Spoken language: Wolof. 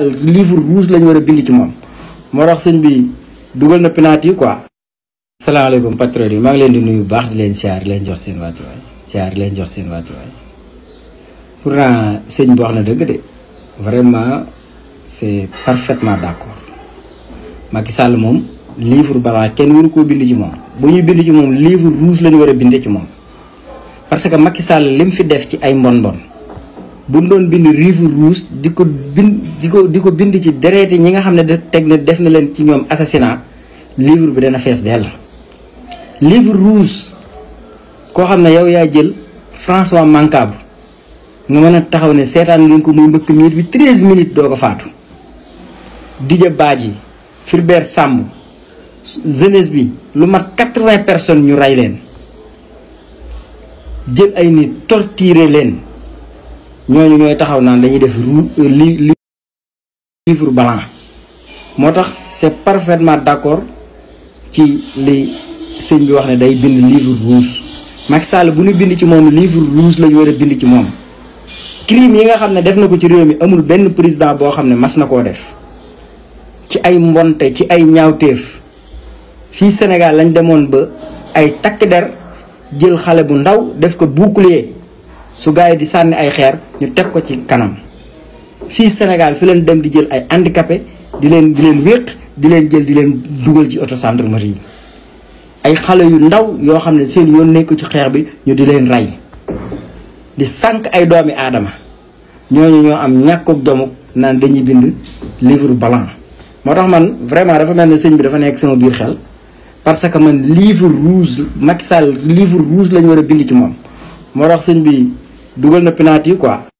livre rouge lañ war a bind ci moom moo tax sëñ bi dugal na penalty yi quoi. salaamaaleykum patriote yi maa ngi leen di nuyu bu baax di leen siyaar leen jox seen wàccuwaay siyaar leen jox seen wàccuwaay pourtant sëñ bi wax na dëgg de vraiment c'est parfaitement d'accord Macky moom livre blanc kenn wu nu koo bind ci moom bu ñuy bind ci moom livre rouge lañu war a binde ci moom parce que Macky Sall lim fi def ci ay mbon-mbon. bu mu doon bind rive rouge di ko bind di ko di ko bind ci dereeti ñi nga xam ne de teg na def na leen ci ñoom assassinat livre bi dana fees dell livre rouge koo xam ne yow yaa jël François Mancabou nga mën a taxaw ne seetaan ngeen ko muy mbëkk miir bi treize minutes doo ko faatu Didier yi Fulbert sàmm jeunesse bi lu mat quatre-vingts personnes ñu rey leen jël ay nit torturer leen ñooñu ñooy taxaw naan dañuy def euh, li livre blanc moo tax c'est parfaitement d'accord ci li sëñ bi wax ne day bind livre rouge Macky bu nu bind ci moom livre rouge la ñu war a bind ci moom crime yi nga xam ne def na ko ci réew mi amul benn président boo xam ne mas na koo def ci ay mbonte ci ay ñaawteef fii Sénégal lañ demoon ba ay takk der jël xale bu ndaw def ko bouclier su gars yi di sànni ay xeer ñu teg ko ci kanam fii Sénégal fi leen dem di jël ay handicapé di leen di leen wéq di leen jël di leen dugal ci oto gendarmerie yi ay xale yu ndaw yoo xam ne seen yoon nekk ci xeex bi ñu di leen rey di sànq ay doomi aadama ñooñu ñoo am ñàkkug jomuk naan dañuy bind livre blanc moo tax man vraiment dafa mel ne sëñ bi dafa nekk sama biir xel parce que man livre rouge Macky Sall livre rouge lañu war a bind ci moom moo tax sëñ bi dugal na penalty quoi.